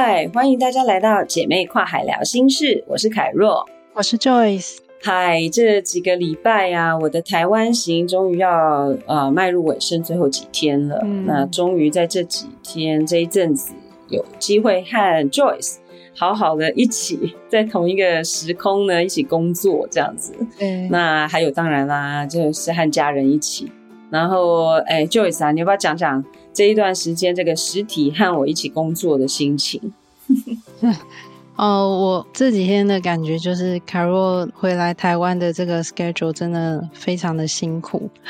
嗨，歡迎大家來到姐妹跨海聊心事，我是凱若，我是 Joyce。嗨，這幾個禮拜呀、啊，我的台灣行終於要呃邁入尾聲，最後幾天了。嗯、那終於在這幾天這一陣子有機會和 Joyce 好好的一起在同一個時空呢，一起工作這樣子。對那還有當然啦，就是和家人一起。然後哎，Joyce 啊，你要不要講講？這一段時間，這個實體和我一起工作的心情，哦、 呃，我這幾天的感覺就是凱若回來台灣的這個 schedule 真的非常的辛苦，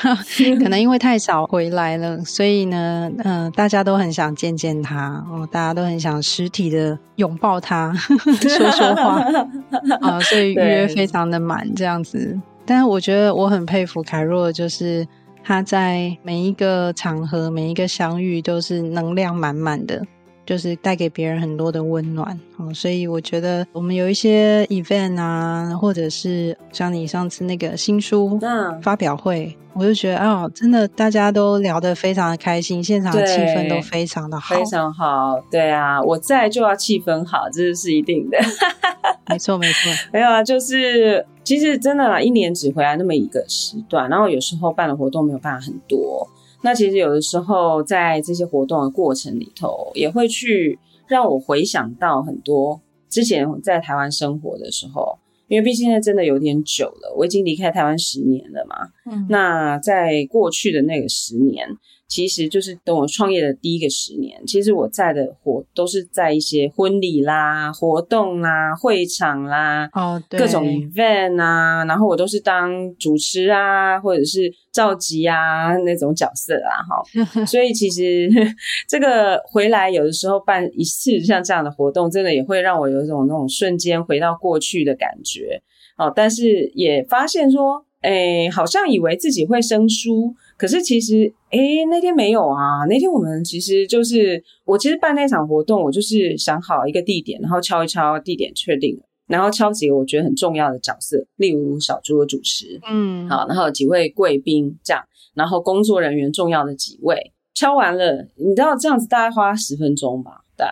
可能因為太少回來了， 所以呢，嗯、呃，大家都很想見見他，哦、呃，大家都很想實體的擁抱他， 說說話啊、 呃，所以預約非常的滿這樣子。對 但是我覺得我很佩服凱若，就是。他在每一個場合，每一個相遇都是能量滿滿的。就是帶給別人很多的溫暖，好、嗯，所以我覺得我們有一些 event 啊，或者是像你上次那個新書那發表會，嗯、我就覺得啊、哦，真的大家都聊得非常的開心，現場氣氛都非常的好，非常好。對啊，我在就要氣氛好，這是一定的。 沒錯，沒錯，沒有啊，就是其實真的啦，一年只回來那麼一個時段，然後有時候辦的活動沒有辦法很多。那其實有的時候，在這些活動的過程裡頭，也會去讓我回想到很多之前在台灣生活的時候，因為畢竟現在真的有點久了，我已經離開台灣十年了嘛。嗯，那在過去的那個十年。其實就是等我創業的第一個十年，其實我在的活都是在一些婚禮啦、活動啦、會場啦、哦、oh, 對，各種 event 啊，然後我都是當主持啊，或者是召集啊那種角色啊，哈。 所以其實這個回來有的時候辦一次像這樣的活動，真的也會讓我有一種那種瞬間回到過去的感覺，哦。但是也發現說，哎，好像以為自己會生疏。可是其實，誒，那天沒有啊。那天我們其實就是我其實辦那場活動，我就是想好一個地點，然後敲一敲地點確定了，然後敲幾個我覺得很重要的角色，例如小豬的主持，嗯，好，然後幾位貴賓這樣，然後工作人員重要的幾位敲完了，你知道這樣子大概花十分鐘吧，對，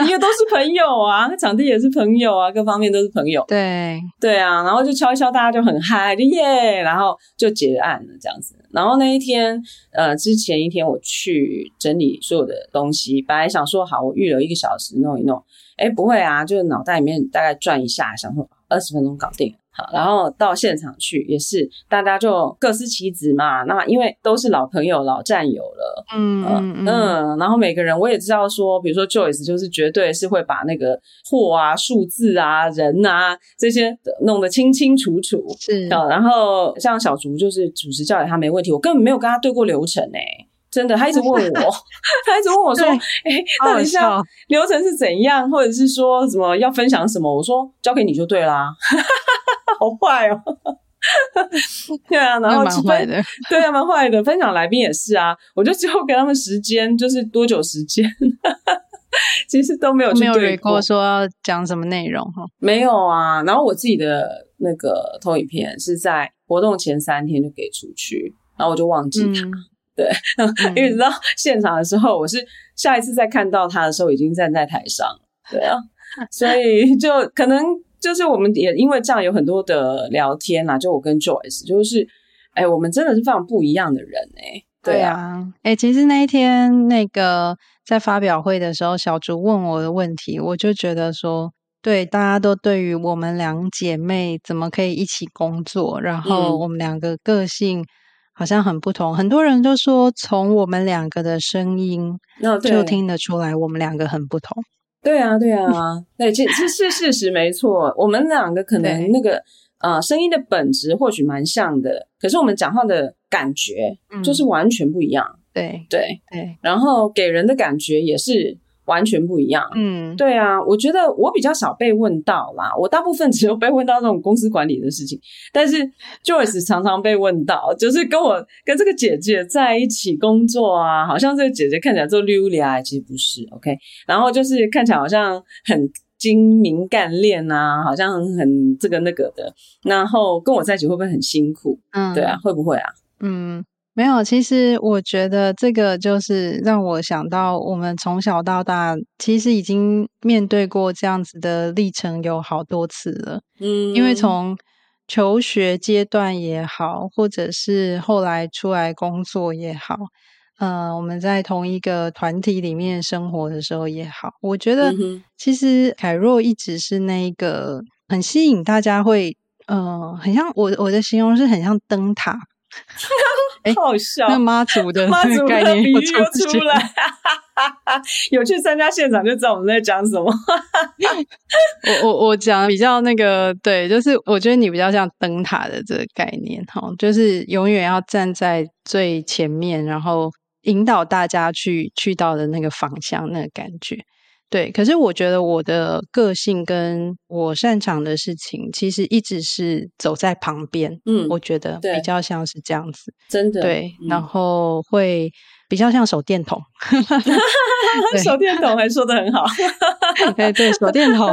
因為都是朋友啊，場地也是朋友啊，各方面都是朋友，對，對啊，然後就敲一敲，大家就很嗨，就耶，然後就結案了這樣子。然後那一天，呃，之前一天我去整理所有的東西，本來想說好，我預留一個小時弄一弄。哎，不會啊，就是腦袋裡面大概轉一下，想說二十分鐘搞定。好，然後到現場去也是，大家就各司其職嘛。那麼因為都是老朋友、老戰友了，嗯嗯嗯，嗯嗯然後每個人我也知道說，比如說 Joyce 就是絕對是會把那個貨啊、數字啊、人啊這些得弄得清清楚楚，是。然後像小竹就是主持教育他沒問題，我根本沒有跟他對過流程哎、欸。真的，他一直問我， 他一直問我說：“誒對、欸、到底像 流程是怎樣，或者是說什麼要分享什麼？”我說：“交給你就對啦。 ”好壞壞哦， 對啊，然後蠻壞的，對啊，蠻壞的。分享來賓也是啊，我就只有給他們時間，就是多久時間， 其實都沒有去對過，沒有給過說要講什麼內容哈，哦、沒有啊。然後我自己的那個投影片是在活動前三天就給出去，然後我就忘記他。嗯對，一、嗯、直到現場的時候，我是下一次再看到他的時候，已經站在台上。對啊，所以就可能就是我們也因為這樣有很多的聊天啊。就我跟 Joyce，就是哎、欸，我們真的是非常不一樣的人哎、欸。對啊，哎、啊欸，其實那一天那個在發表會的時候，小竹問我的問題，我就覺得說，對，大家都對於我們兩姐妹怎麼可以一起工作，然後我們兩個個性、嗯。好像很不同，很多人都說從我們兩個的聲音，那就聽得出來我們兩個很不同。Oh, 對，對啊，對啊， 對，這這是事實，沒錯。我們兩個可能那個啊對、呃，聲音的本質或許蠻像的，可是我們講話的感覺就是完全不一樣。對對、嗯、對，對對然後給人的感覺也是。完全不一樣，嗯，對啊，我覺得我比較少被問到啦，我大部分只有被問到這種公司管理的事情，但是 Joyce 常常被問到，啊、就是跟我跟這個姐姐在一起工作啊，好像這個姐姐看起來做溜屋里啊，其實不是，OK，然後就是看起來好像很精明幹練啊，好像很這個那個的，然後跟我在一起會不會很辛苦？嗯，對啊，會不會啊？嗯。沒有，其實我覺得這個就是讓我想到，我們從小到大其實已經面對過這樣子的歷程有好多次了。嗯，因為從求學階段也好，或者是後來出來工作也好，呃，我們在同一個團體裡面生活的時候也好，我覺得其實凱若一直是那個很吸引大家會，會呃，很像我，我的形容是很像燈塔。 欸、好笑，那媽祖的媽祖的概念比喻，又出來， 有去參加現場就知道我們在講什麼。 我我我講的比較那個，對，就是我覺得你比較像燈塔的這個概念哈，就是永遠要站在最前面，然後引導大家去去到的那個方向那個感覺。對，可是我覺得我的個性跟我擅長的事情，其實一直是走在旁邊。嗯，我覺得比較像是這樣子，對，真的。對，嗯，然後會。比較像手電筒。 對 手電筒還說得很好。 對對，手電筒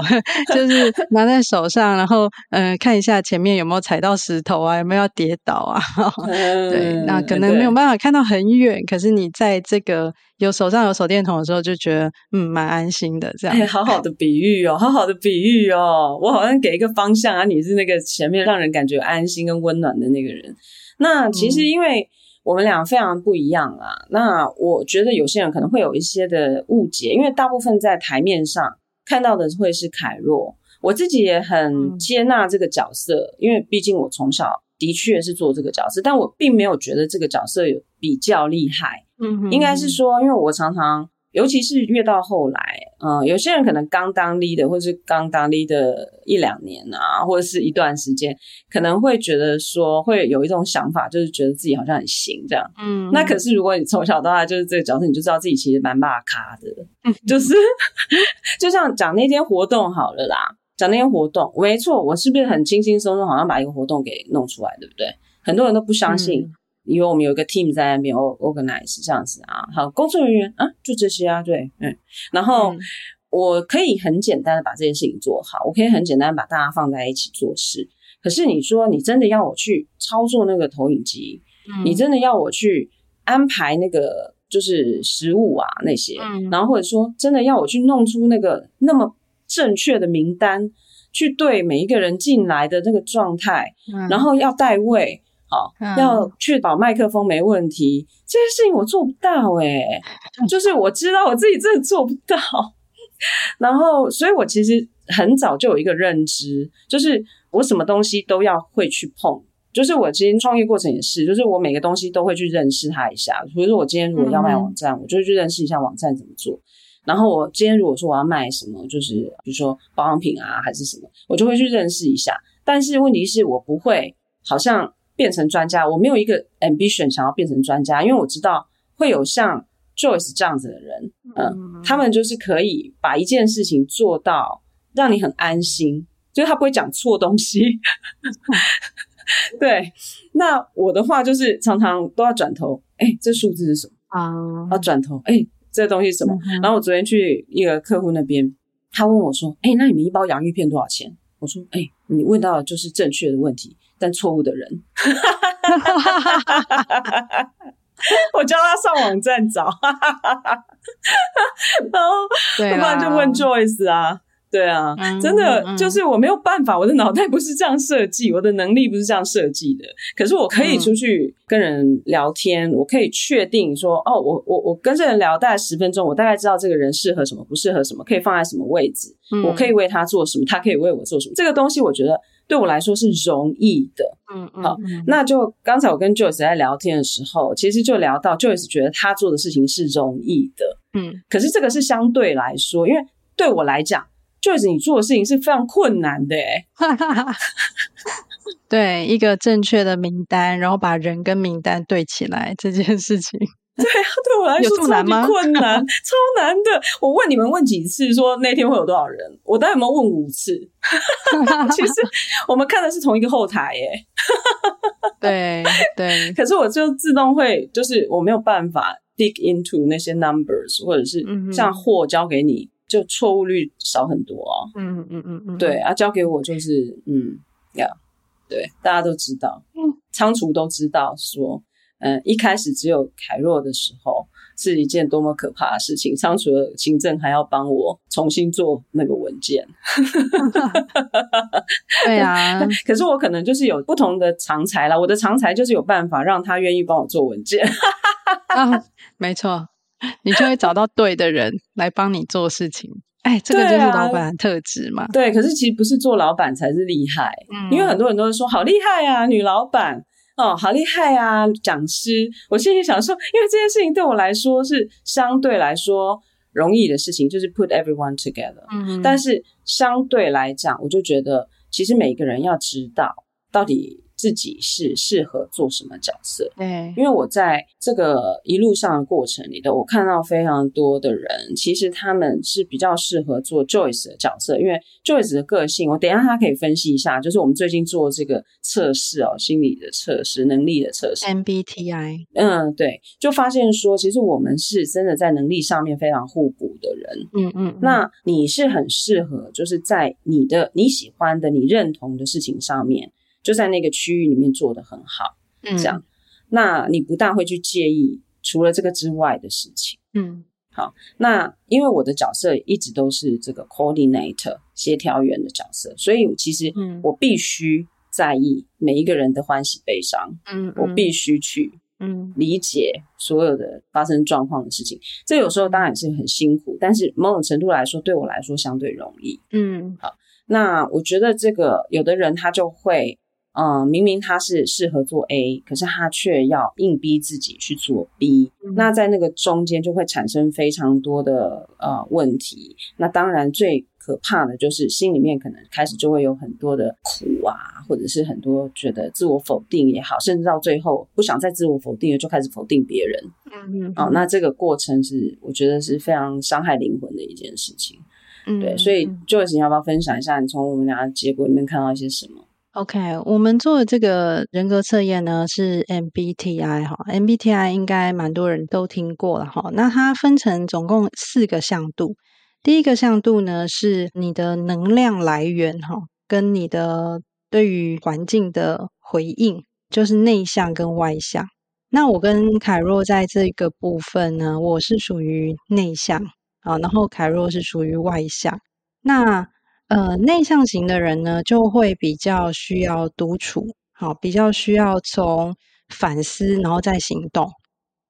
就是拿在手上，然後嗯、呃，看一下前面有沒有踩到石頭啊，有沒有要跌倒啊。嗯、對，那可能沒有辦法看到很遠，對可是你在這個有手上有手電筒的時候，就覺得嗯，蠻安心的這樣、欸。好好的比喻哦，好好的比喻哦，我好像給一個方向啊。你是那個前面讓人感覺安心跟溫暖的那個人。那其實因為。嗯我們倆非常不一樣啊。那我覺得有些人可能會有一些的誤解，因為大部分在台面上看到的會是凱若，我自己也很接納這個角色，嗯、因為畢竟我從小的確是做這個角色，但我並沒有覺得這個角色有比較厲害。嗯哼，應該是說，因為我常常。尤其是越到後來，嗯、呃，有些人可能剛當 leader，或是剛當 leader 一兩年啊，或者是一段時間，可能會覺得說，會有一種想法，就是覺得自己好像很行這樣。嗯哼，那可是如果你從小到大就是這個角色，你就知道自己其實蠻罵咖的。嗯哼，就是 就像講那天活動好了啦，講那天活動，沒錯，我是不是很輕輕松鬆好像把一個活動給弄出來，對不對？很多人都不相信。嗯。因為我們有一個 team 在那邊 organize 這樣子啊，好，工作人員啊，就這些啊，對，嗯，然後、嗯、我可以很簡單的把這件事情做好，我可以很簡單的把大家放在一起做事。可是你說，你真的要我去操作那個投影機，嗯、你真的要我去安排那個就是食物啊那些，嗯、然後或者說真的要我去弄出那個那麼正確的名單，去對每一個人進來的那個狀態，嗯、然後要帶位。要確保麥克風沒問題，這些事情我做不到哎、欸， 就是我知道我自己真的做不到。然後，所以我其實很早就有一個認知，就是我什麼東西都要會去碰。就是我今天創業過程也是，就是我每個東西都會去認識它一下。比如說，我今天如果要賣網站，mm hmm. 我就會去認識一下網站怎麼做。然後，我今天如果說我要賣什麼，就是比如說保養品啊，還是什麼，我就會去認識一下。但是問題是我不會，好像。變成專家，我沒有一個 ambition 想要變成專家，因為我知道會有像 Joyce 這樣子的人，嗯、呃，mm hmm. 他們就是可以把一件事情做到讓你很安心，就是他不會講錯東西。 對，那我的話就是常常都要轉頭，哎、欸，這數字是什麼？啊、uh，要、huh. 轉頭，哎、欸，這東西是什麼？Uh huh. 然後我昨天去一個客戶那邊，他問我說，哎、欸，那你們一包洋芋片多少錢？我說，哎、欸，你問到的就是正確的問題。但錯誤的人， 我教他上網站找， 然後，他爸就問 Joyce 啊，對啊，真的就是我沒有辦法，我的腦袋不是這樣設計，我的能力不是這樣設計的。可是我可以出去跟人聊天，我可以確定說，哦，我我我跟這人聊大概十分鐘，我大概知道這個人適合什麼，不適合什麼，可以放在什麼位置，我可以為他做什麼，他可以為我做什麼。這個東西，我覺得。對我來說是容易的，嗯，好，嗯、那就剛才我跟 Joyce 在聊天的時候，其實就聊到 Joyce 覺得他做的事情是容易的，嗯，可是這個是相對來說，因為對我來講，Joyce 你做的事情是非常困難的，哎， 對，一個正確的名單，然後把人跟名單對起來這件事情。 對啊，對我來說這麼難，超級困難， 超難的。我問你們問幾次，說那天會有多少人？我大然沒有問五次？ 其實我們看的是同一個後台耶、欸。 對對，可是我就自動會，就是我沒有辦法 dig into 那些 numbers，或者是像貨交給你，就錯誤率少很多、哦、 啊。嗯嗯嗯嗯，對啊，交給我就是嗯要、yeah, 對，大家都知道，倉儲都知道說。嗯，一開始只有凱若的時候，是一件多麼可怕的事情。倉儲的行政，還要幫我重新做那個文件。 對呀、啊、可是我可能就是有不同的長才啦，我的長才就是有辦法讓他願意幫我做文件。 啊，沒錯，你就會找到對的人來幫你做事情。哎、欸，這個就是老闆的特質嘛對、啊。對，可是其實不是做老闆才是厲害，嗯、因為很多人都是說好厲害啊，女老闆。哦，好厲害啊，講師！我心裡想說，因為這件事情對我來說是相對來說容易的事情，就是 put everyone together。嗯，嗯，但是相對來講，我就覺得其實每一個人要知道到底。自己是適合做什麼角色？對，因為我在這個一路上的過程裡頭，我看到非常多的人，其實他們是比較適合做 Joyce 的角色，因為 Joyce 的個性，我等一下他可以分析一下。就是我們最近做這個測試哦，心理的測試，能力的測試，MBTI，嗯，對，就發現說，其實我們是真的在能力上面非常互補的人。嗯，嗯嗯，那你是很適合，就是在你的你喜歡的、你認同的事情上面。就在那個區域裡面做得很好，嗯，這樣，那你不大會去介意除了這個之外的事情，嗯，好，那因為我的角色一直都是這個 coordinator 協調員的角色，所以其實嗯，我必須在意每一個人的歡喜悲傷，嗯，我必須去嗯理解所有的發生狀況的事情，嗯、這有時候當然是很辛苦，但是某種程度來說，對我來說相對容易，嗯，好，那我覺得這個有的人他就會。嗯，明明他是適合做 A，可是他卻要硬逼自己去做 B，嗯、哼那在那個中間就會產生非常多的呃問題。那當然最可怕的就是心裡面可能開始就會有很多的苦啊，或者是很多覺得自我否定也好，甚至到最後不想再自我否定了，就開始否定別人。嗯嗯哼。哦，那這個過程是我覺得是非常傷害靈魂的一件事情。嗯哼，對，所以 Joyce 你要不要分享一下你從我們倆的結果裡面看到一些什麼？OK，我們做的這個人格測驗呢是 MBTI 哈，MBTI 應該蠻多人都聽過了哈。那它分成總共四個向度，第一個向度呢是你的能量來源哈，跟你的對於環境的回應，就是內向跟外向。那我跟凱若在這個部分呢，我是屬於內向啊，然後凱若是屬於外向。那呃，內向型的人呢，就會比較需要獨處，好，比較需要從反思然後再行動。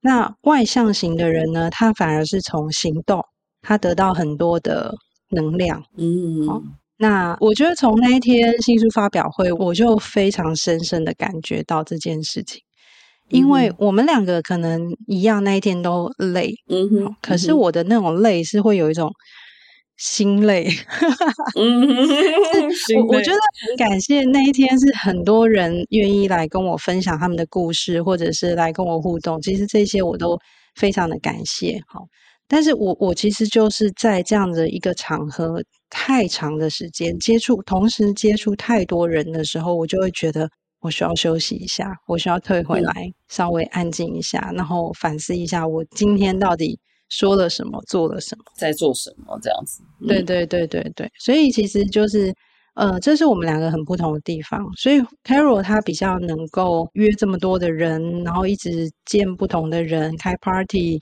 那外向型的人呢，他反而是從行動，他得到很多的能量。嗯，嗯，好。那我覺得從那一天新書發表會，我就非常深深的感覺到這件事情，嗯嗯，因為我們兩個可能一樣，那一天都累。嗯哼，嗯哼。可是我的那種累是會有一種。心累，嗯 我，我累我覺得很感謝那一天，是很多人願意來跟我分享他們的故事，或者是來跟我互動。其實這些我都非常的感謝。好，但是我我其實就是在這樣的一個場合，太長的時間接觸，同時接觸太多人的時候，我就會覺得我需要休息一下，我需要退回來，嗯、稍微安靜一下，然後反思一下我今天到底。說了什麼，做了什麼，在做什麼，這樣子。嗯、對對對對對，所以其實就是，呃，這是我們兩個很不同的地方。所以，Carol 她比較能夠約這麼多的人，然後一直見不同的人，開 party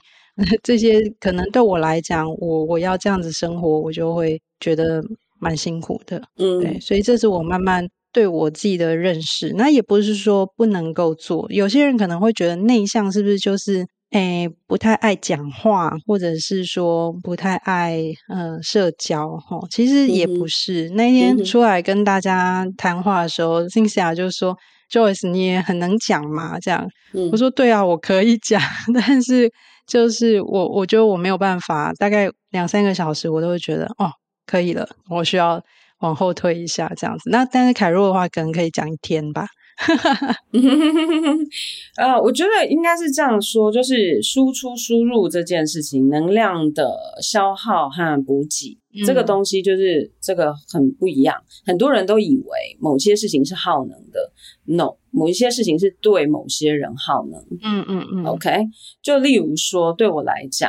這些，可能對我來講，我我要這樣子生活，我就會覺得蠻辛苦的。嗯，對，所以這是我慢慢對我自己的認識。那也不是說不能夠做，有些人可能會覺得內向是不是就是。誒，不太愛講話，或者是說不太愛嗯、呃、社交哈。其實也不是，嗯、哼那天出來跟大家談話的時候，Cynthia、嗯、哼就說 Joyce 你也很能講嘛？”這樣，嗯、我說：“對啊，我可以講，但是就是我我覺得我沒有辦法，大概兩三個小時，我都會覺得哦，可以了，我需要往後退一下這樣子。那但是凱若的話可能可以講一天吧。”哈哈哈，呃， uh, 我覺得應該是這樣說，就是輸出輸入這件事情，能量的消耗和補給、嗯、這個東西，就是這個很不一樣。很多人都以為某些事情是耗能的，no，某一些事情是對某些人耗能。嗯嗯嗯，OK，就例如說對我來講，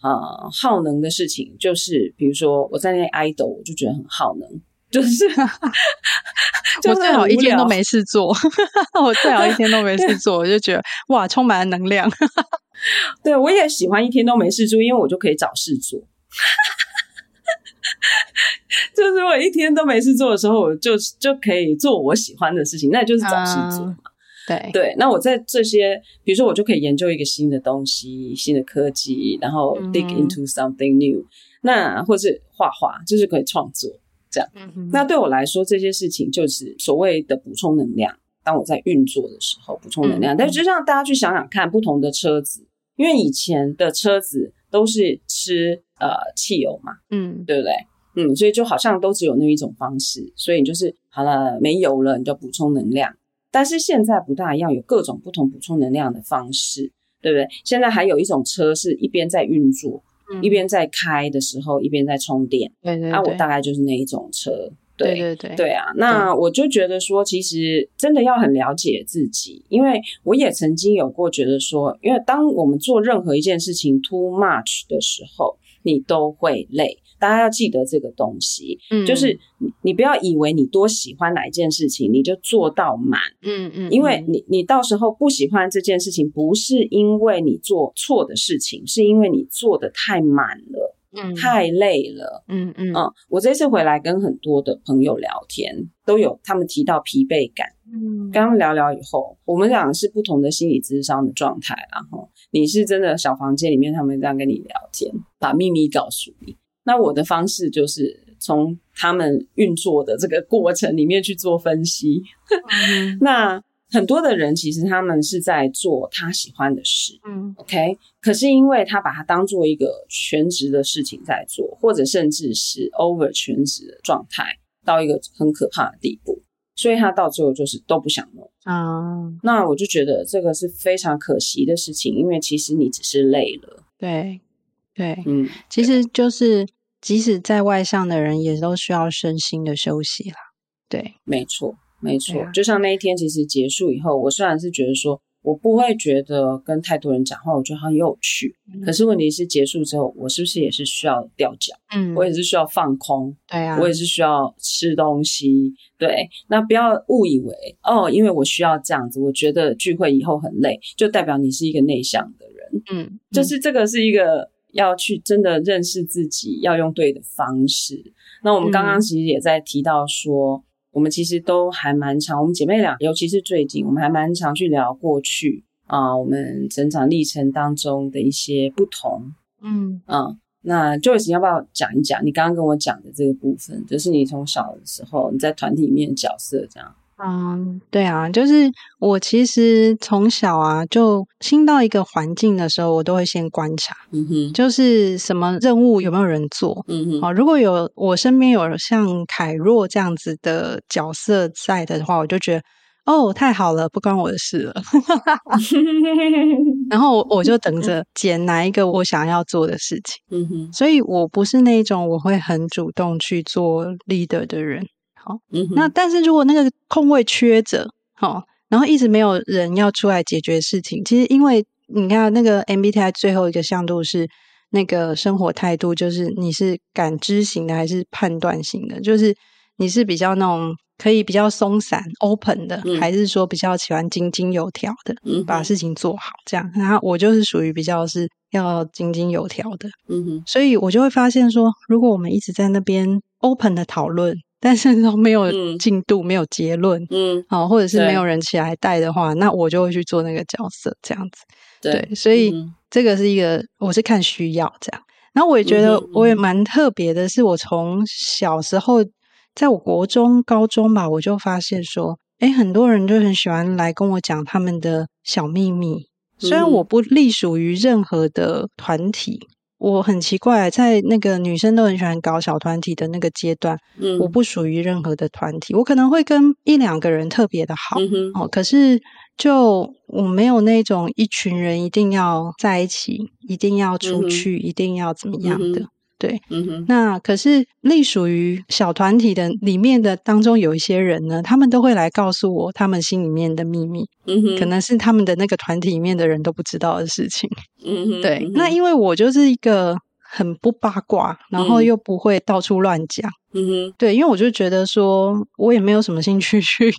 啊、呃，耗能的事情就是，比如說我在那裡 idol，我就覺得很耗能。就是， 我最好一天都沒事做。 我最好一天都沒事做， 對我就覺得哇，充滿了能量。 對，我也喜歡一天都沒事做，因為我就可以找事做。 就是我一天都沒事做的時候，我就就可以做我喜歡的事情，那就是找事做嘛。Uh, 對對，那我在這些，比如說我就可以研究一個新的東西、新的科技，然後 dig into something new、mm。Hmm. 那或是畫畫，就是可以創作。這樣，那對我來說，這些事情就是所謂的補充能量。當我在運作的時候，補充能量。但是，就像大家去想想看，不同的車子，因為以前的車子都是吃呃汽油嘛，嗯，對不對？嗯，所以就好像都只有那一種方式，所以你就是好了，沒油了，你就補充能量。但是現在不大一樣，有各種不同補充能量的方式，對不對？現在還有一種車是一邊在運作。一邊在開的時候，一邊在充電。嗯啊、對，對對，那我大概就是那一種車。對、對，對對，對啊，那我就覺得說，其實真的要很了解自己，對。因為我也曾經有過覺得說，因為當我們做任何一件事情 too much 的時候，你都會累。大家要記得這個東西，嗯，就是你不要以為你多喜歡哪一件事情，你就做到滿、嗯，嗯嗯，因為你你到時候不喜歡這件事情，不是因為你做錯的事情，是因為你做的太滿了，嗯，太累了，嗯嗯，嗯我這次回來跟很多的朋友聊天，都有他們提到疲憊感，剛剛聊聊以後，我們講的是不同的心理諮商的狀態、啊，然後你是真的小房間裡面，他們這樣跟你聊天，把秘密告訴你。那我的方式就是從他們運作的這個過程裡面去做分析。Oh, mm. 那很多的人其實他們是在做他喜歡的事，嗯，OK。可是因為他把它當做一個全職的事情在做，或者甚至是 over 全職的狀態，到一個很可怕的地步，所以他到最後就是都不想弄啊。Oh. 那我就覺得這個是非常可惜的事情，因為其實你只是累了。對。對，嗯，其實就是，對即使在外向的人，也都需要身心的休息啦。對，沒錯，沒錯。啊、就像那一天，其實結束以後，我雖然是覺得說，我不會覺得跟太多人講話，我覺得很有趣。嗯、可是問題是，結束之後，我是不是也是需要掉腳？嗯，我也是需要放空。對呀、啊，我也是需要吃東西。對，那不要誤以為、嗯、哦，因為我需要這樣子，我覺得聚會以後很累，就代表你是一個內向的人。嗯，就是這個是一個。要去真的認識自己，要用對的方式。那我們剛剛其實也在提到說，嗯、我們其實都還蠻常，我們姐妹倆，尤其是最近，我們還蠻常去聊過去啊，我們成長歷程當中的一些不同。嗯啊，那 Joyce，你要不要講一講？你剛剛跟我講的這個部分，就是你從小的時候，你在團體裡面角色這樣。嗯，um, 對啊，就是我其實從小啊，就新到一個環境的時候，我都會先觀察，嗯哼、mm，hmm. 就是什麼任務有沒有人做，嗯哼、mm，啊、hmm.，如果有我身邊有像凱若這樣子的角色在的話，我就覺得，哦，太好了，不關我的事了， 然後我就等着撿哪一個我想要做的事情，嗯哼、mm，hmm. 所以我不是那一種我會很主動去做 leader 的人。好、哦，那但是如果那個空位缺着，好、哦，然後一直沒有人要出來解決事情，其實因為你看那個 MBTI 最後一個向度是那個生活態度，就是你是感知型的還是判斷型的，就是你是比較那種可以比較鬆散 open 的，嗯、還是說比較喜歡井井有條的，把事情做好這樣。然後我就是屬於比較是要井井有條的，嗯哼，所以我就會發現說，如果我們一直在那邊 open 的討論。但是都沒有進度，嗯、沒有結論，嗯，好、哦，或者是沒有人起來帶的話，對那我就會去做那個角色，這樣子，對，對，所以、嗯、這個是一個，我是看需要這樣。然後我也覺得我也蠻特別的，是我從小時候、嗯嗯、在我國中、高中吧，我就發現說，哎，很多人就很喜歡來跟我講他們的小秘密，雖然我不隸屬於任何的團體。嗯嗯我很奇怪，在那個女生都很喜歡搞小團體的那個階段，嗯，我不屬於任何的團體，我可能會跟一兩個人特別的好，嗯哼，哦，可是就我沒有那種一群人一定要在一起，一定要出去，嗯哼，一定要怎麼樣的。嗯。對，嗯哼、mm，hmm. 那可是隸屬於小團體的裡面的當中有一些人呢，他們都會來告訴我他們心裡面的秘密，嗯哼、mm，hmm. 可能是他們的那個團體裡面的人都不知道的事情，嗯哼、mm，hmm. 對，mm hmm. 那因為我就是一個很不八卦，然後又不會到處亂講，嗯哼、mm，hmm. 對，因為我就覺得說我也沒有什麼興趣去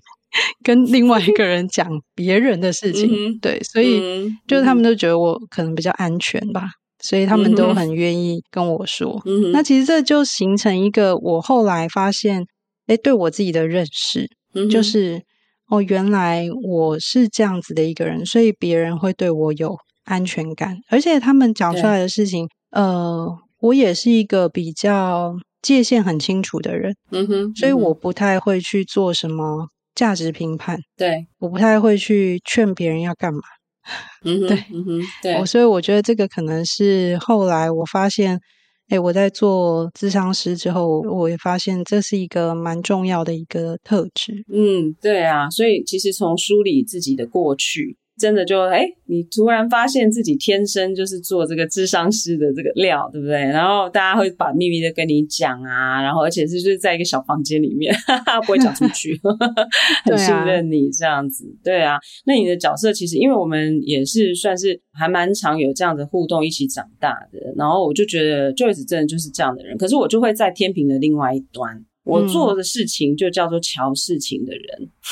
跟另外一個人講別人的事情，mm hmm. 對，所以就是他們都覺得我可能比較安全吧。所以他們都很願意跟我說，mm hmm. mm hmm. 那其實這就形成一個我後來發現，誒、欸，對我自己的認識，mm hmm. 就是哦，原來我是這樣子的一個人，所以別人會對我有安全感，而且他們講出來的事情，對呃，我也是一個比較界限很清楚的人，嗯哼、mm，hmm. mm hmm. 所以我不太會去做什麼價值評判，對，我不太會去勸別人要幹嘛。嗯，對，嗯哼，對，所以我覺得這個可能是後來我發現，哎、欸，我在做諮商師之後，我也發現這是一個蠻重要的一個特質。嗯，對啊，所以其實從梳理自己的過去。真的就哎、欸，你突然發現自己天生就是做這個諮商師的這個料，對不對？然後大家會把秘密都跟你講啊，然後而且是是在一個小房間裡面，哈哈，不會講出去，哈哈哈，很信任你這樣子。對啊，那你的角色其實，因為我們也是算是還蠻常有這樣的互動，一起長大的。然後我就覺得 Joyce 真的就是這樣的人，可是我就會在天平的另外一端。我做的事情就叫做“喬事情”的人、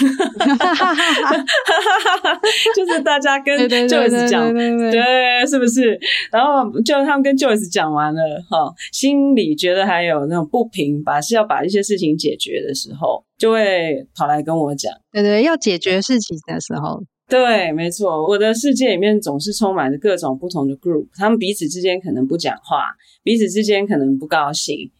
嗯， 就是大家跟 Joyce 講，對，是不是？然後就他們跟 Joyce 講完了，哈，心裡覺得還有那種不平，把是要把一些事情解決的時候，就會跑來跟我講。對,對對，要解決事情的時候，對，沒錯。我的世界裡面總是充滿着各種不同的 group，他們彼此之間可能不講話，彼此之間可能不高興。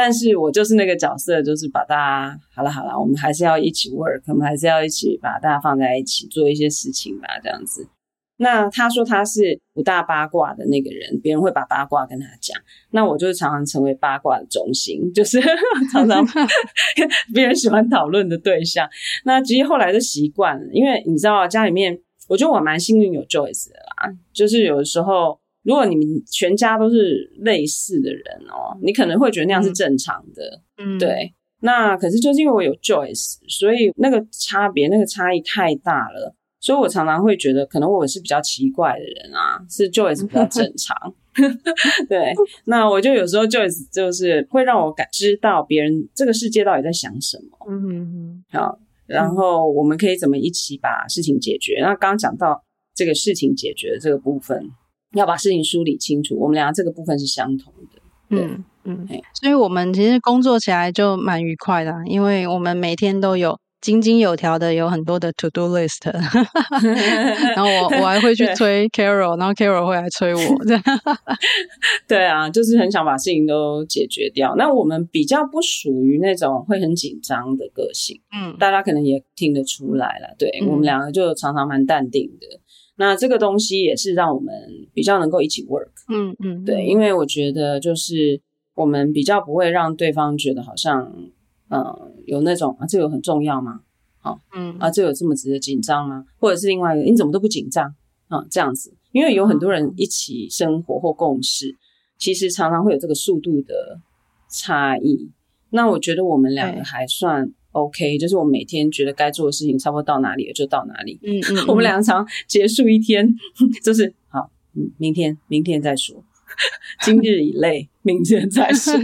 但是我就是那個角色，就是把大家，好了好了，我們還是要一起 work，我們還是要一起把大家放在一起做一些事情吧，這樣子。那他說他是不大八卦的那個人，別人會把八卦跟他講，那我就常常成為八卦的中心，就是呵呵常常別 人喜歡討論的對象。那其實後來就習慣了，因為你知道啊，家裡面，我覺得我蠻幸運有 Joyce 的啦，就是有的時候。如果你們全家都是類似的人哦，你可能會覺得那樣是正常的。嗯，對。那可是就是因為我有 Joyce，所以那個差別那個差異太大了，所以我常常會覺得，可能我是比較奇怪的人啊，是 Joyce 比較正常。 對，那我就有時候 Joyce 就是會讓我感知道別人這個世界到底在想什麼。嗯嗯哼。好，然後我們可以怎麼一起把事情解決？那剛剛講到這個事情解決的這個部分。要把事情梳理清楚，我們倆這個部分是相同的。嗯嗯，嗯嘿所以我們其實工作起來就蠻愉快的、啊，因為我們每天都有井井有條的，有很多的 to do list。 然後我我還會去催 Carol，對然後 Carol 會來催我。對, 對啊，就是很想把事情都解決掉。那我們比較不屬於那種會很緊張的個性。嗯，大家可能也聽得出來了。對、嗯、我們兩個就常常蠻淡定的。那這個東西也是讓我們比較能夠一起 work，嗯嗯，嗯對，因為我覺得就是我們比較不會讓對方覺得好像，嗯、呃，有那種啊，這有很重要嗎？好、啊，嗯，啊，這有這麼值得緊張嗎？或者是另外一個你怎麼都不緊張啊？這樣子。因為有很多人一起生活或共事，其實常常會有這個速度的差異。那我覺得我們兩個還算、嗯。嗯 OK，就是我每天覺得該做的事情，差不多到哪裡了就到哪裡。嗯嗯，嗯 我們兩個常，常結束一天，就是好，明天明天再說，今日已累， 明天再說。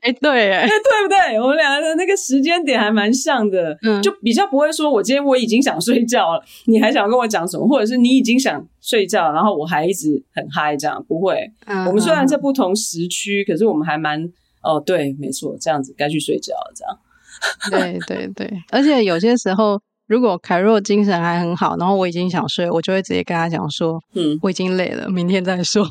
哎、 欸，對，哎、欸，對不對？我們兩個的那個時間點還蠻像的，嗯，就比較不會說我今天我已經想睡覺了，你還想跟我講什麼？或者是你已經想睡覺了，然後我還一直很嗨，這樣不會。Uh huh. 我們雖然在不同時區，可是我們還蠻。哦，對，沒錯，這樣子該去睡覺了。這樣，對對對。而且有些時候，如果凱若精神還很好，然後我已經想睡，我就會直接跟他講說：“嗯，我已經累了，明天再說。”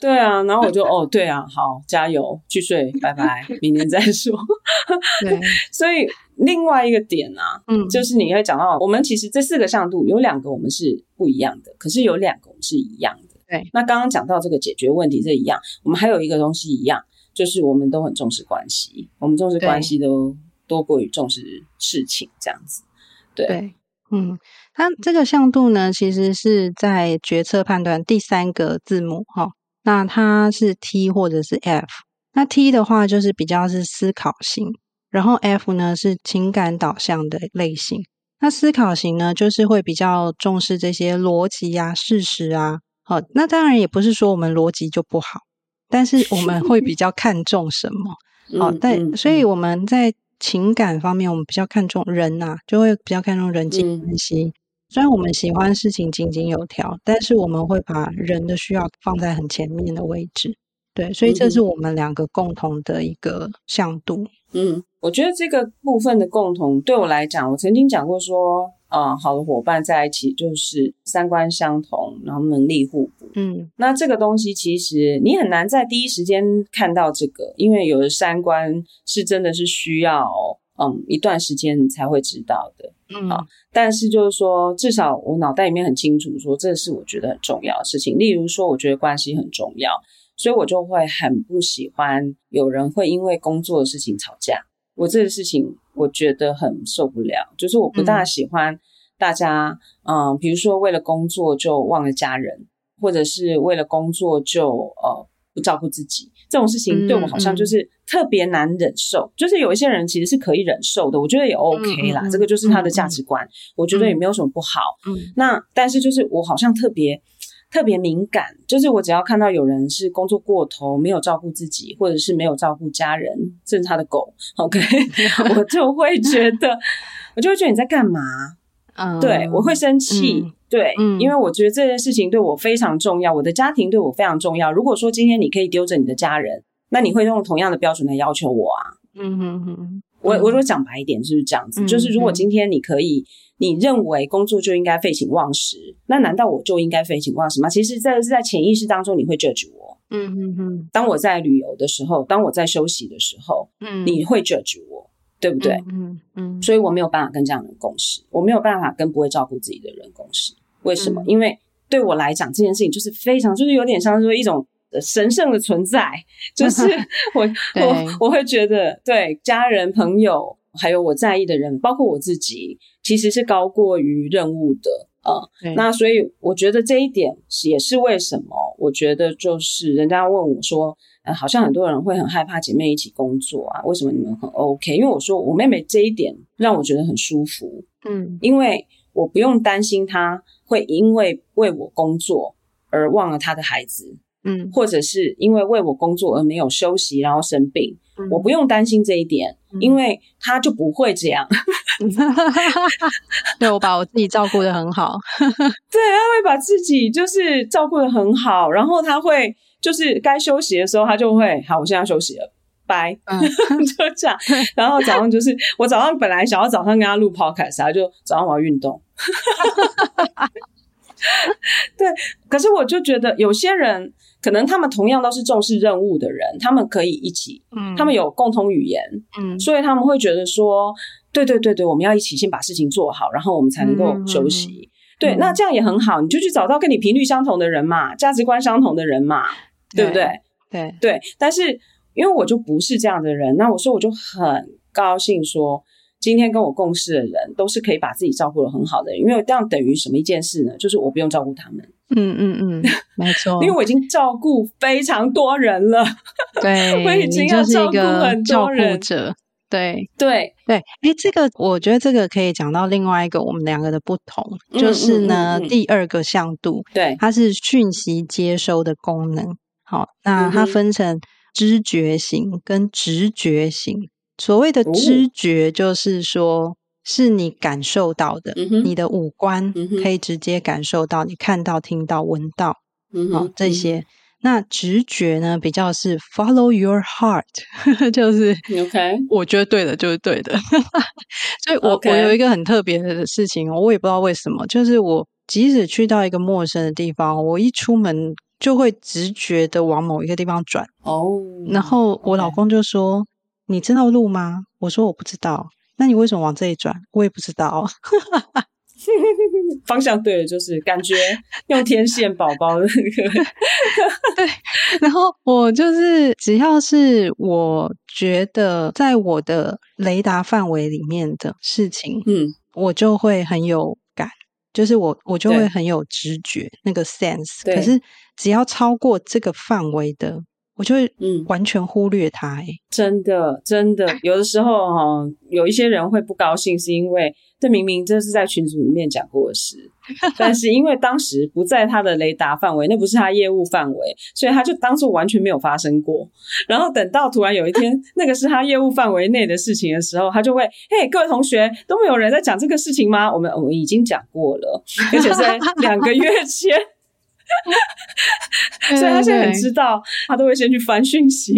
對啊，然後我就對對哦，對啊，好，加油，去睡， 拜拜，明天再說。 對，所以另外一個點啊，嗯，就是你會講到，我們其實這四個向度有兩個我們是不一樣的，可是有兩個我們是一樣的。對，那剛剛講到這個解決問題這一樣，我們還有一個東西一樣。就是我們都很重視關係，我們重視關係都對多過於重視事情這樣子，對，對嗯，那這個向度呢，其實是在決策判斷第三個字母哈、哦，那它是 T 或者是 F，那 T 的話就是比較是思考型，然後 F 呢是情感導向的類型，那思考型呢就是會比較重視這些邏輯呀、啊、事實啊，好、哦，那當然也不是說我們邏輯就不好。但是我們會比較看重什麼？嗯、好，但、嗯嗯、所以我們在情感方面，我們比較看重人吶、啊，就會比較看重人際關係。嗯、雖然我們喜歡事情井井有條，但是我們會把人的需要放在很前面的位置。對，所以這是我們兩個共同的一個向度。嗯，我覺得這個部分的共同，對我來講，我曾經講過說。啊、嗯，好的夥伴在一起就是三觀相同，然後能力互補。嗯，那這個東西其實你很難在第一時間看到這個，因為有的三觀是真的是需要嗯一段時間才會知道的。嗯，嗯，但是就是說，至少我腦袋裡面很清楚，說這是我覺得很重要的事情。例如說，我覺得關係很重要，所以我就會很不喜歡有人會因為工作的事情吵架。我這個事情，我覺得很受不了。就是我不大喜歡大家，嗯，呃、比如說為了工作就忘了家人，或者是為了工作就呃不照顧自己，這種事情對我好像就是特別難忍受。嗯嗯、就是有一些人其實是可以忍受的，我覺得也 OK 啦，嗯嗯、這個就是他的價值觀，嗯、我覺得也沒有什麼不好。嗯，嗯那但是就是我好像特別。特別敏感，就是我只要看到有人是工作過頭，沒有照顧自己，或者是沒有照顧家人，甚至他的狗，OK， 我就會覺得， 我就會覺得你在幹嘛？Um, 對，我會生氣，um, 對，um, 因為我覺得這件事情對我非常重要，我的家庭對我非常重要。如果說今天你可以丟着你的家人，那你會用同樣的標準來要求我啊？嗯哼哼。我我說講白一點，是不是這樣子？嗯嗯、就是如果今天你可以，你認為工作就應該廢寢忘食，那難道我就應該廢寢忘食嗎？其實在，在是在潛意識當中，你會 judge 我。嗯嗯嗯。嗯嗯，當我在旅遊的時候，當我在休息的時候，嗯，你會 judge 我，對不對？嗯嗯。嗯嗯，所以我沒有辦法跟這樣的人共事，我沒有辦法跟不會照顧自己的人共事。為什麼？嗯、因為對我來講，這件事情就是非常，就是有點像是說一種。神聖的存在，就是我 對我我會覺得對家人、朋友，還有我在意的人，包括我自己，其實是高過於任務的啊。嗯、對那所以我覺得這一點也是為什麼，我覺得就是人家問我說，呃，好像很多人會很害怕姐妹一起工作啊，為什麼你們很 OK？因為我說我妹妹這一點讓我覺得很舒服，嗯，因為我不用擔心她會因為為我工作而忘了她的孩子。嗯，或者是因為為我工作而沒有休息，然後生病，嗯、我不用擔心這一點，嗯、因為他就不會這樣。 對，我把我自己照顧得很好。 對，他會把自己就是照顧得很好，然後他會就是該休息的時候，他就會好，我現在休息了，拜， 就這樣。然後早上就是我早上本來想要早上跟他錄 podcast，他就早上我要運動。 對，可是我就覺得有些人。可能他們同樣都是重視任務的人，他們可以一起，嗯，他們有共同語言，嗯，所以他們會覺得說，對對對對，我們要一起先把事情做好，然後我們才能夠休息，嗯、對，嗯、那這樣也很好，你就去找到跟你頻率相同的人嘛，價值觀相同的人嘛，對不對？對對，對，但是因為我就不是這樣的人，那我說我就很高興說。今天跟我共事的人都是可以把自己照顧的很好的，因為這樣等於什麼一件事呢？就是我不用照顧他們。嗯嗯嗯，沒錯， 因為我已經照顧非常多人了。對， 我已經要照顧很多人。對對對。哎對、欸，這個我覺得這個可以講到另外一個我們兩個的不同，嗯、就是呢、嗯嗯嗯、第二個向度，對，它是訊息接收的功能。好，那它分成知覺型跟直覺型。所謂的知覺就是說，oh. 是你感受到的，mm hmm. 你的五官可以直接感受到，mm hmm. 你看到、聽到、聞到，嗯、mm hmm. 哦、這些。那直覺呢，比較是 follow your heart，Okay. 呵呵，就是 OK，我覺得對的，就是對的。 所以我，我 Okay. 我有一個很特別的事情，我也不知道為什麼，就是我即使去到一個陌生的地方，我一出門就會直覺的往某一個地方轉。哦，oh. 然後我老公就說。Okay. 你知道路嗎？我說我不知道。那你為什麼往這一轉？我也不知道。 方向對了，就是感覺用天線寶寶的那個。 對。然後我就是，只要是我覺得在我的雷達範圍裡面的事情，嗯，我就會很有感，就是我我就會很有直覺對那個 sense 對。可是只要超過這個範圍的。我就會，嗯，完全忽略他、欸。哎、嗯，真的，真的，有的時候哈、哦，有一些人會不高興，是因為這明明這是在群組裡面講過的事， 但是因為當時不在他的雷達範圍，那不是他業務範圍，所以他就當作完全沒有發生過。然後等到突然有一天， 那個是他業務範圍內的事情的時候，他就會：嘿，各位同學都沒有人在講這個事情嗎？我們我們已經講過了，而且在兩個月前。 所以他現在很知道，他都會先去翻訊息，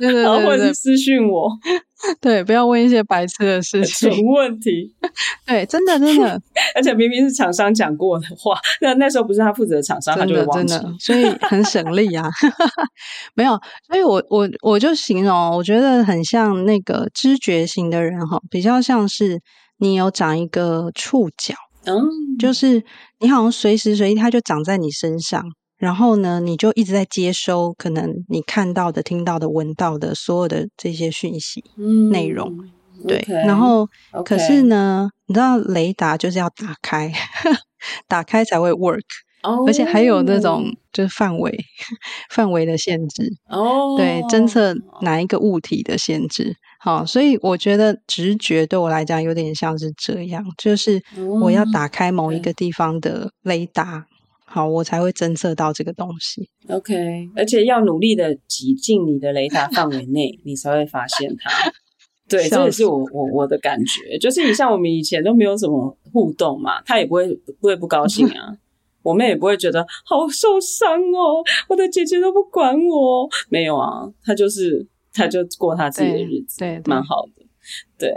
然後 或者是私訊我，對，對，對，對， 對，不要問一些白痴的事情問題， 對，真的真的， 而且明明是廠商講過的話，那那時候不是他負責廠商，真的 他就忘了真，真的，所以很省力啊。 沒有，所以我我我就形容，我覺得很像那個知覺型的人哈，比較像是你有長一個觸角。嗯，oh. 就是你好像隨時隨地，它就長在你身上，然後呢，你就一直在接收可能你看到的、聽到的、聞到的所有的這些訊息、mm. 內容。對，Okay. 然後 Okay. 可是呢，你知道雷達就是要打開， 打開才會 work。oh. 而且還有那種就是範圍、範圍的限制。哦，oh. 對，偵測哪一個物體的限制。好，所以我覺得直覺對我來講有點像是這樣，就是我要打開某一個地方的雷達，好，我才會偵測到這個東西。OK，而且要努力的擠進你的雷達範圍內， 你才會發現它。對，這也是我我我的感覺，就是你像我們以前都沒有什麼互動嘛，他也不會不會不高興啊， 我們也不會覺得好受傷哦，我的姐姐都不管我。沒有啊，他就是。他就過他自己的日子，對，對對，蠻好的。對，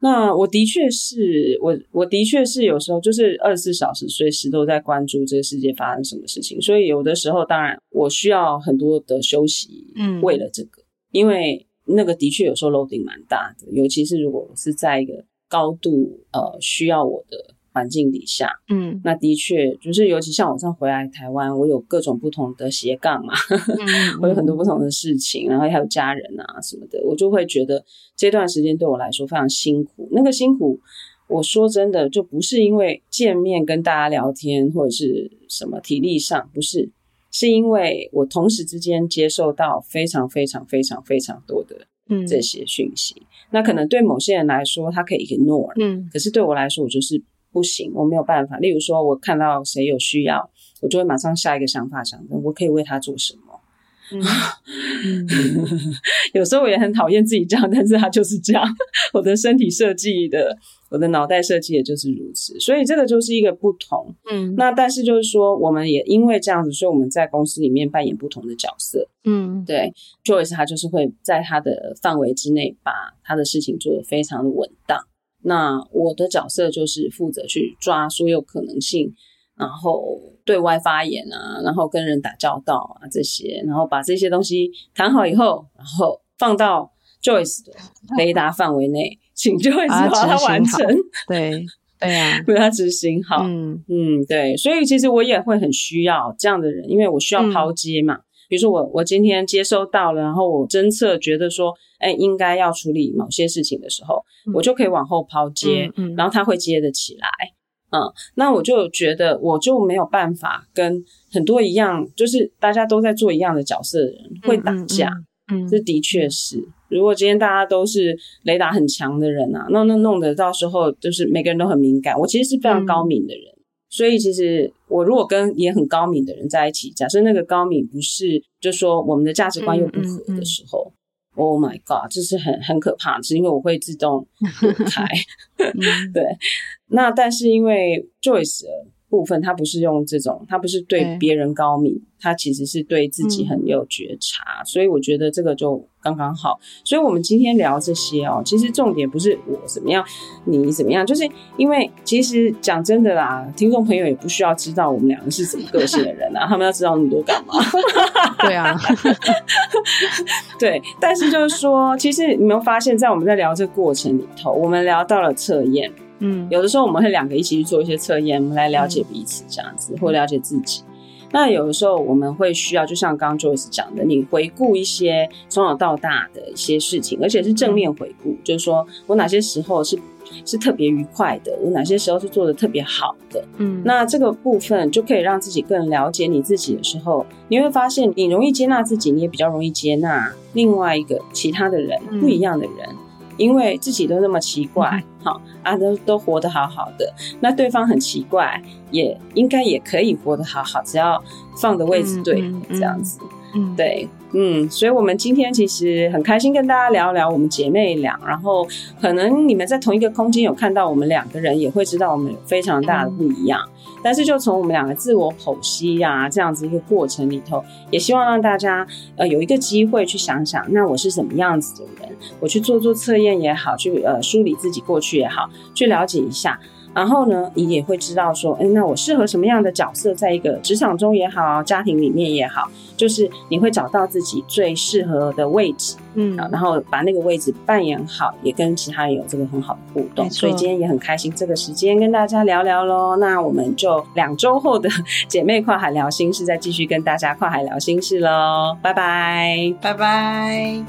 那我的確是我，我的確是有時候就是二十四小時隨時都在關注這個世界發生什麼事情，所以有的時候當然我需要很多的休息，嗯，為了這個，嗯、因為那個的確有時候 loading 蠻大的，尤其是如果我是在一個高度呃需要我的。環境底下，嗯，那的確就是，尤其像我這樣回來台灣，我有各種不同的斜槓嘛，嗯、 我有很多不同的事情，然後還有家人啊什麼的，我就會覺得這段時間對我來說非常辛苦。那個辛苦，我說真的，就不是因為見面跟大家聊天或者是什麼體力上不是，是因為我同時之間接受到非常非常非常非常多的這些訊息。嗯、那可能對某些人來說，他可以 ignore，嗯，可是對我來說，我就是。不行，我沒有辦法。例如說，我看到誰有需要，我就會馬上下一個想法想，我可以為他做什麼。嗯嗯、 有時候我也很討厭自己這樣，但是他就是這樣， 我的身體設計的，我的腦袋設計也就是如此，所以這個就是一個不同。嗯，那但是就是說，我們也因為這樣子，所以我們在公司裡面扮演不同的角色。嗯，對，Joyce 他就是會在他的範圍之內，把他的事情做得非常的穩當。那我的角色就是負責去抓所有可能性，然後對外發言啊，然後跟人打交道啊這些，然後把這些東西談好以後，然後放到 Joyce 的雷達範圍內，請 Joyce 把它完成。對，對啊，為他執行好。嗯、啊、嗯，對，所以其實我也會很需要這樣的人，因為我需要拋接嘛。嗯比如說我我今天接收到了，然後我偵測覺得說，哎、欸，應該要處理某些事情的時候，嗯、我就可以往後拋接，嗯嗯、然後他會接得起來，嗯，那我就覺得我就沒有辦法跟很多一樣，就是大家都在做一樣的角色的人會打架，嗯，這、嗯嗯嗯、的確是，如果今天大家都是雷達很強的人啊，那那弄得到時候就是每個人都很敏感，我其實是非常高敏的人。嗯所以其實我如果跟也很高敏的人在一起，假設那個高敏不是，就說我們的價值觀又不合的時候，嗯嗯嗯、Oh my god，這是很很可怕，是因為我會自動離開。 嗯、 對，那但是因為 Joyce。部分他不是用這種，他不是對別人高明，欸、他其實是對自己很有覺察，嗯、所以我覺得這個就剛剛好。所以我們今天聊這些哦、喔，其實重點不是我怎麼樣，你怎麼樣，就是因為其實講真的啦，聽眾朋友也不需要知道我們兩個是什麼個性的人啊， 他們要知道那麼多幹嘛？ 對啊， 對，但是就是說，其實你沒有發現，在我們在聊這個過程裡頭，我們聊到了測驗。嗯，有的時候我們會兩個一起去做一些測驗，我們來了解彼此這樣子，嗯、或了解自己。那有的時候我們會需要，就像剛剛 Joyce 講的，你回顧一些從小到大的一些事情，而且是正面回顧，嗯、就是說我哪些時候是是特別愉快的，我哪些時候是做的特別好的。嗯，那這個部分就可以讓自己更了解你自己的時候，你會發現你容易接納自己，你也比較容易接納另外一個其他的人、嗯、不一樣的人。因為自己都那麼奇怪，好啊，都都活得好好的，那對方很奇怪，也應該也可以活得好好，只要放的位置對，這樣子，嗯嗯嗯、對。嗯，所以我們今天其實很開心跟大家聊聊我們姐妹倆，然後可能你們在同一個空間有看到我們兩個人，也會知道我們有非常大的不一樣。嗯。但是就從我們兩個自我剖析啊這樣子一個過程裡頭，也希望讓大家呃有一個機會去想想，那我是什麼樣子的人？我去做做測驗也好，去呃梳理自己過去也好，去了解一下。然後呢，你也會知道說，哎，那我適合什麼樣的角色，在一個職場中也好，家庭裡面也好，就是你會找到自己最適合的位置，嗯，然後把那個位置扮演好，也跟其他人有這個很好的互動。沒錯。所以今天也很開心，這個時間跟大家聊聊嘍。那我們就兩周後的姐妹跨海聊心事，再繼續跟大家跨海聊心事嘍。拜拜，拜拜。